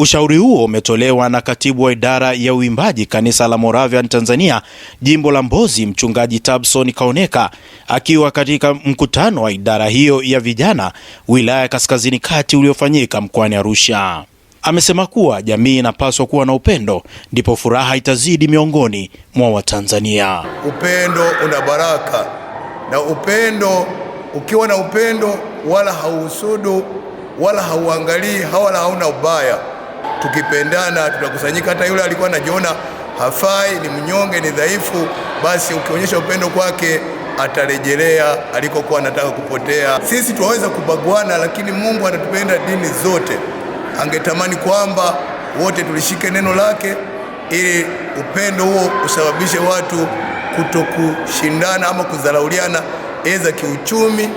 Ushauri huo umetolewa na katibu wa idara ya uimbaji kanisa la Moravian Tanzania jimbo la Mbozi, mchungaji Tabson Kaoneka akiwa katika mkutano wa idara hiyo ya vijana wilaya ya Kaskazini Kati uliofanyika mkoani Arusha. Amesema kuwa jamii inapaswa kuwa na upendo, ndipo furaha itazidi miongoni mwa Watanzania. Upendo una baraka, na upendo ukiwa na upendo, wala hauhusudu wala hauangalii, wala hauna ubaya tukipendana tutakusanyika. Hata yule alikuwa anajiona hafai, ni mnyonge, ni dhaifu, basi ukionyesha upendo kwake atarejelea alikokuwa anataka kupotea. Sisi tuwaweza kubaguana, lakini Mungu anatupenda dini zote. Angetamani kwamba wote tulishike neno lake ili upendo huo usababishe watu kutokushindana ama kudharauliana, eza kiuchumi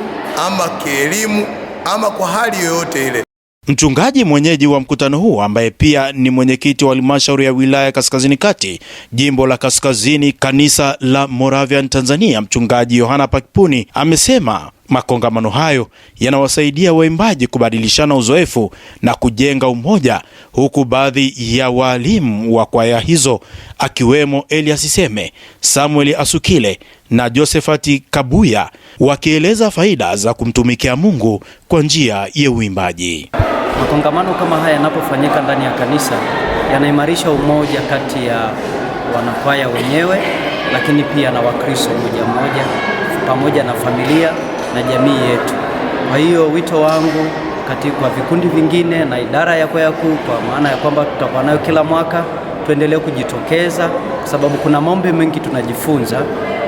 ama kielimu ama kwa hali yoyote ile. Mchungaji mwenyeji wa mkutano huu ambaye pia ni mwenyekiti wa halmashauri ya wilaya Kaskazini Kati, jimbo la Kaskazini, kanisa la Moravian Tanzania, mchungaji Yohana Pakipuni amesema Makongamano hayo yanawasaidia waimbaji kubadilishana uzoefu na kujenga umoja, huku baadhi ya walimu wa kwaya hizo akiwemo Elias Seme, Samuel Asukile na Josephat Kabuya wakieleza faida za kumtumikia Mungu kwa njia ya uimbaji. Makongamano kama haya yanapofanyika ndani ya kanisa yanaimarisha umoja kati ya wanakwaya wenyewe, lakini pia na Wakristo moja moja pamoja na familia na jamii yetu. Kwa hiyo wito wangu kwa vikundi vingine na idara ya kwaya kuu, kwa maana ya kwamba tutakuwa nayo kila mwaka, tuendelee kujitokeza, kwa sababu kuna mambo mengi tunajifunza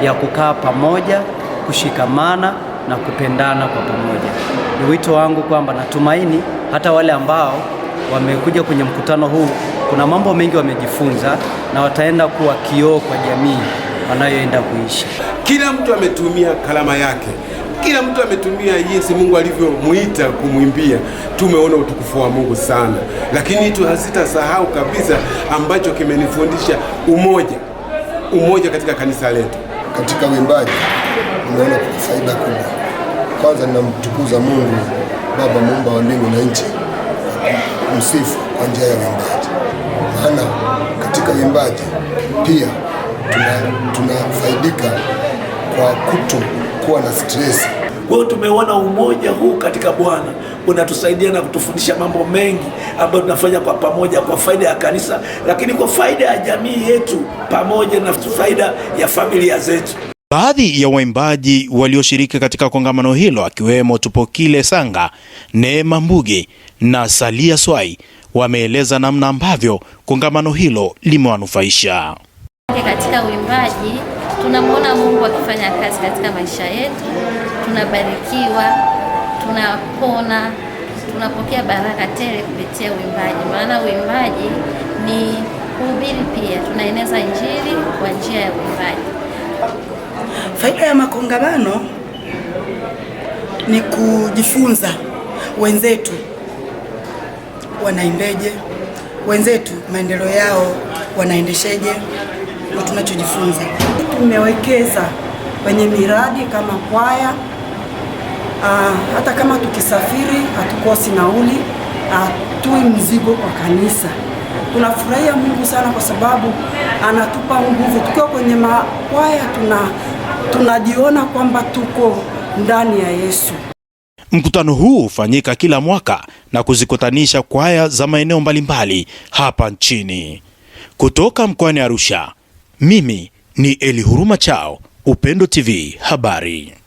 ya kukaa pamoja, kushikamana na kupendana kwa pamoja. Ni wito wangu kwamba natumaini hata wale ambao wamekuja kwenye mkutano huu kuna mambo mengi wamejifunza na wataenda kuwa kioo kwa jamii wanayoenda kuishi. Kila mtu ametumia kalama yake kila mtu ametumia jinsi Mungu alivyomuita kumwimbia. Tumeona utukufu wa Mungu sana, lakini tu hasitasahau kabisa ambacho kimenifundisha umoja, umoja katika kanisa letu. Katika uimbaji nimeona faida kubwa. Kwanza ninamtukuza Mungu Baba muumba wa mbingu na nchi, msifu kwa njia ya uimbaji, maana katika uimbaji pia tunafaidika tuna kwa kuto kuwa na stress. Kwa hiyo tumeona umoja huu katika Bwana unatusaidia na kutufundisha mambo mengi ambayo tunafanya kwa pamoja kwa faida ya kanisa, lakini kwa faida ya jamii yetu pamoja na faida ya familia zetu. Baadhi ya waimbaji walioshiriki katika kongamano hilo akiwemo Tupokile Sanga, Neema Mbuge na Salia Swai wameeleza namna ambavyo kongamano hilo limewanufaisha katika uimbaji tunamwona Mungu akifanya kazi katika maisha yetu, tunabarikiwa, tunapona, tunapokea baraka tele kupitia uimbaji, maana uimbaji ni kuhubiri pia, tunaeneza Injili kwa njia ya uimbaji. Faida ya makongamano ni kujifunza wenzetu wanaimbeje, wenzetu maendeleo yao wanaendesheje, na tunachojifunza tumewekeza kwenye miradi kama kwaya Aa, ah, hata kama tukisafiri hatukosi nauli, hatui mzigo kwa kanisa. Tunafurahia Mungu sana kwa sababu anatupa nguvu. Tukiwa kwenye makwaya tuna tunajiona kwamba tuko ndani ya Yesu. Mkutano huu hufanyika kila mwaka na kuzikutanisha kwaya za maeneo mbalimbali hapa nchini. Kutoka mkoani Arusha, mimi ni Eli Huruma Chao, Upendo TV habari.